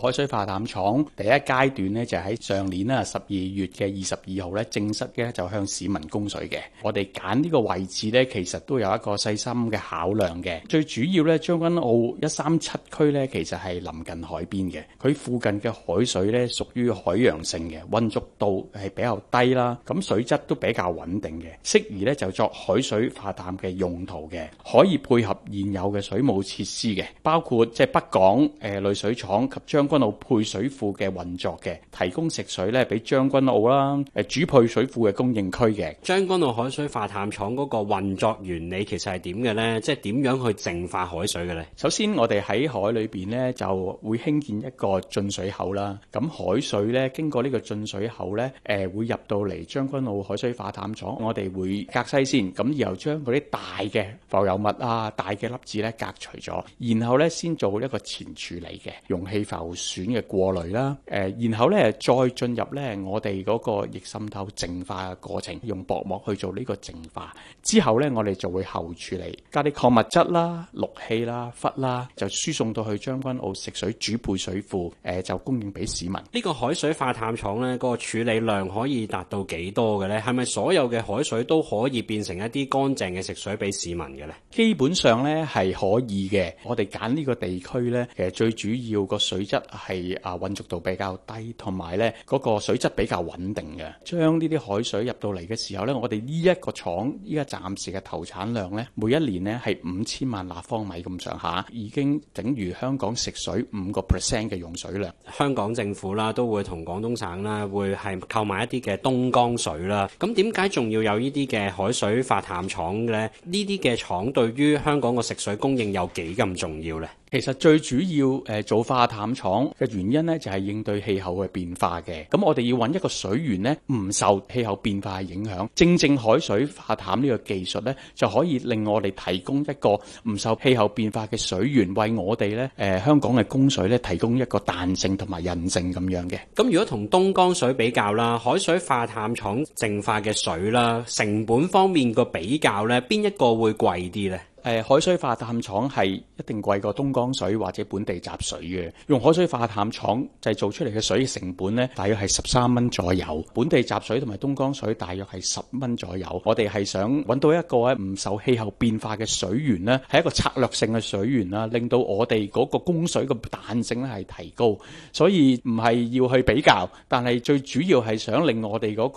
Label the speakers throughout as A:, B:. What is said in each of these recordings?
A: 海水化淡廠第一階段咧，就喺上年啦，十二月嘅二十二號咧，正式咧就向市民供水嘅。我哋揀呢個位置咧，其實都有一個細心嘅考量嘅。最主要咧，將軍澳一三七區咧其實係臨近海邊嘅，佢附近嘅海水咧屬於海洋性嘅，溫足度係比較低啦，咁水質都比較穩定嘅，適宜咧就作海水化淡嘅用途嘅，可以配合現有嘅水務設施嘅，包括即係北港誒濾水廠及將。將軍澳配水庫嘅運作嘅，提供食水咧俾將軍澳啦，誒主配水庫嘅供應區嘅。
B: 將軍澳海水化淡廠嗰個運作原理其實係點嘅呢？即係點樣去淨化海水嘅呢？首先我哋喺海裏邊呢，就會興建一個
A: 進水口啦，咁海水呢經過呢個進水口呢，誒會入到嚟將軍澳海水化淡廠，我哋會隔西先，咁然後將嗰啲大嘅浮油物啊，大嘅粒子呢隔除咗，然後呢，先做一個前處理嘅，溶氣浮。選嘅過濾啦，誒，然後咧再進入咧我哋嗰個逆滲透淨化嘅過程，用薄膜去做呢個淨化，之後咧我哋就會後處理，加啲礦物質啦、氯氣啦、氟啦，就輸送到去將軍澳食水主配水庫，誒，就供應俾市民。
B: 呢個海水化淡廠咧，個處理量可以達到幾多嘅咧？係咪所有嘅海水都可以變成一啲乾淨嘅食水俾市民嘅咧？基本上咧係可以嘅。我哋揀呢個地區咧，其實最主要個水質。係
A: 啊，運作度比較低，同埋呢嗰、嗰個水質比較穩定嘅。將呢啲海水入到嚟嘅時候呢，我哋呢一個廠依家暫時嘅投產量呢，每一年呢係五
B: 千萬立方米咁上下，已經等於香港食水五個 percent 嘅用水量。香港政府啦都會同廣東省啦會係購買一啲嘅東江水啦。咁點解仲要有呢啲嘅海水化淡廠咧？呢啲嘅廠對於香港嘅食水供應有幾咁重要呢？其實最主要誒、呃、做化淡廠。嘅
A: 原因呢，就係、是，應對氣候嘅變化嘅。咁我哋要揾一個水源呢，唔受氣候變化嘅影響。正正海水化淡呢個技術呢，就可以令我哋提供一個唔受氣候變化嘅水源，為我哋呢，誒、呃，香港嘅供水呢，提供一個彈性同埋韌性咁樣嘅。
B: 咁如果同東江水比較啦，海水化淡廠淨化嘅水啦，成本方面個比較呢，邊一個會貴啲呢？誒海
A: 水化淡廠係一定貴過東江水或者本地集水嘅，用海水化淡廠製造出嚟嘅水嘅成本呢，大約係十三蚊左右；本地集水同埋東江水大約係十蚊左右。我哋係想揾到一個咧唔受氣候變化嘅水源呢，係一個策略性嘅水源啦，令到我哋嗰個供水嘅彈性咧係提高。所以唔係要去比較，但係最主要係想令我哋嗰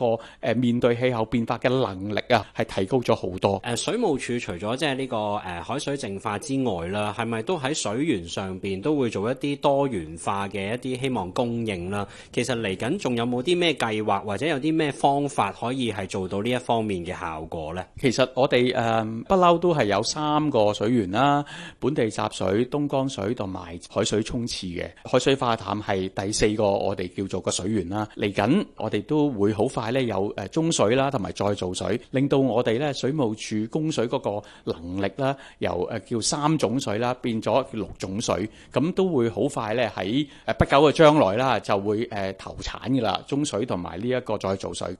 A: 個面對氣候變化嘅能力啊，係提高咗好多。
B: 誒水務署除咗即係呢個。海水淨化之外啦，係咪都喺水源上邊都會做一啲多元化嘅一啲希望供應啦？其實嚟緊仲有冇啲咩計劃，或者有啲咩方法可以係做到呢一方面嘅效果呢？其
A: 實我哋誒不嬲都係有三個水源啦，本地集水、東江水同埋海水沖廁，嘅海水化淡係第四個我哋叫做個水源啦。嚟緊我哋都會好快呢，有誒中水啦，同埋再造水，令到我哋呢水務署供水嗰個能力。由誒叫三種水啦，變咗六種水，咁都會好快咧喺誒不久嘅將來啦，就會誒投產㗎啦，中水同埋呢一個再造水。